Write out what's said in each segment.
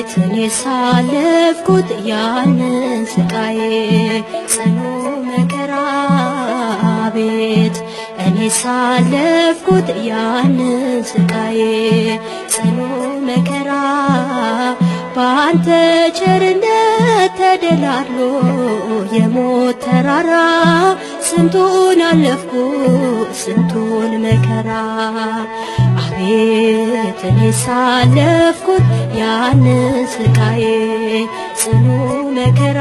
እኔ ሳለፍኩት ያንን ስቃዬ ጽኑ መከራ አቤት እኔ ሳለፍኩት ያንን ስቃዬ ጽኑ መከራ በአንተ ቸርነት ተደላድሎ የሞት ተራራ ስንቱን አለፍኩ ስንቱን መከራ ቤት እኔ ሳለፍኩት ያንን ስቃዬ ጽኑ መከራ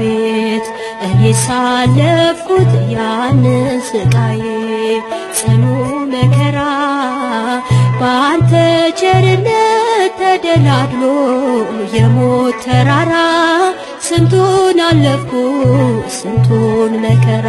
ቤት እኔ ሳለፍኩት ያንን ስቃዬ ጽኑ መከራ በአንተ ቸርነት ተደላድሎ የሞት ተራራ ስንቱን አለፍኩ ስንቱን መከራ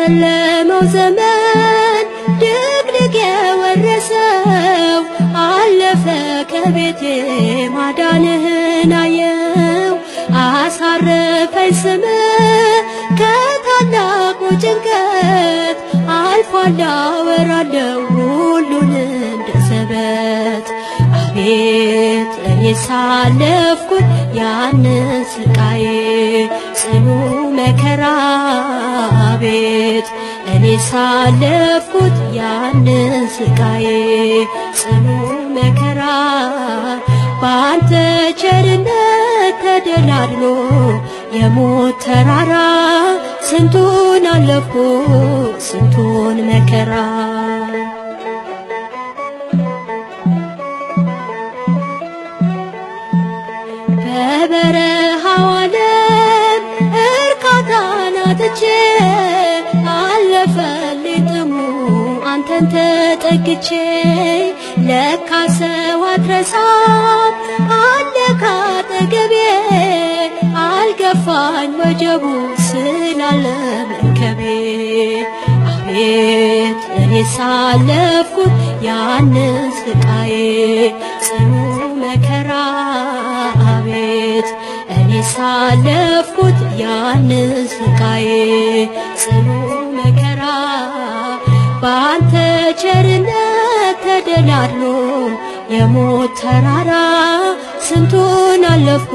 በጨለመው ዘመን ድቅድቅ የወረሰው አለፈ ከቤቴ ማዳንህን አየው አሳረፈኝ ስም ከታላቁ ጭንቀት አልፏል አወራለው ሁሉንም ደሰበት አቤት እኔ ሳለፍኩት ያንን ስቃዬ ጽኑ መከራ ቤት እኔ ሳለፍኩት ያንን ስቃይ ጽኑ መከራ በአንተ ቸርነት ተደላድሎ የሞት ተራራ ስንቱን አለፍኩት ስንቱን መከራ በበረሃው ዓለም እርካታን አጥቼ ተፈልጥሙ አንተን ተጠግቼ ለካ ሰው አትረሳም አለ ካጠገቤ አልገፋኝ ወጀቡ ስላለ መርከቤ አቤት እኔ ሳለፍኩት ያንን ስቃዬ ጽኑ መከራ አቤት እኔ ሳለፍኩት ያንን ስቃዬ ጽኑ በቸርነት ተደላድሎ የሞት ተራራ ስንቱን አለፍኩ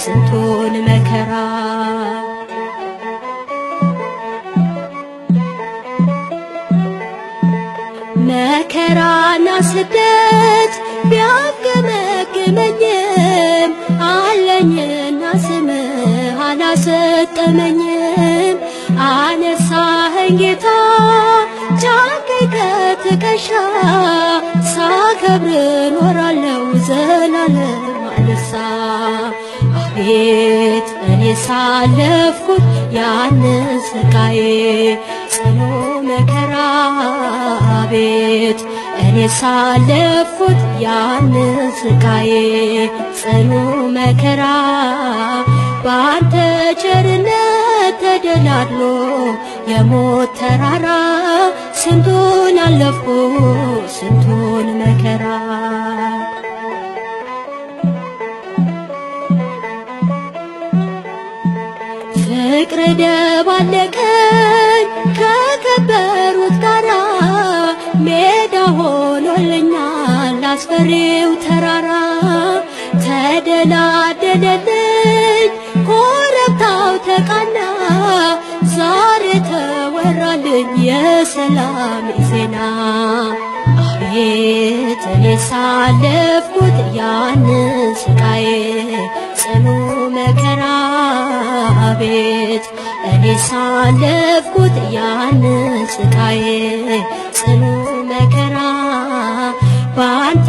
ስንቱን መከራ መከራና ስደት ቢያገመግመኝም አለኝና ስምህ አላሰጠመኝም። አነሳኸኝ ጌታ ትከሻ ሳከብር ኖራለው ዘላለም አልርሳ። አቤት እኔ ሳለፍኩት ያንን ስቃዬ ጽኑ መከራ አቤት እኔ ሳለፍኩት ያንን ስቃዬ ጽኑ መከራ ባንተ ቸርነት ተደላድሎ የሞት ተራራ ስንቱን አለፍኩ ስንቱን መከራ ፍቅር ደባለቀኝ ከከበሩት ጋራ ሜዳ ሆኖልኛል አስፈሪው ተራራ ተደላደለልኝ ኮረብታው ተቃና ተወራልኝ የሰላም ዜና አቤት እኔ ሳለፍኩት ያንን ስቃዬ ጽኑ መከራ አቤት እኔ ሳለፍኩት ያንን ስቃዬ ጽኑ መከራ በአንተ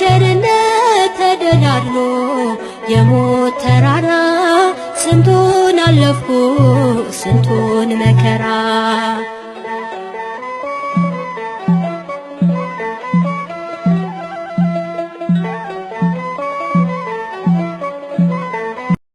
ቸርነት ተደላድሎ የሞት ተራራ ስንቱን መከራ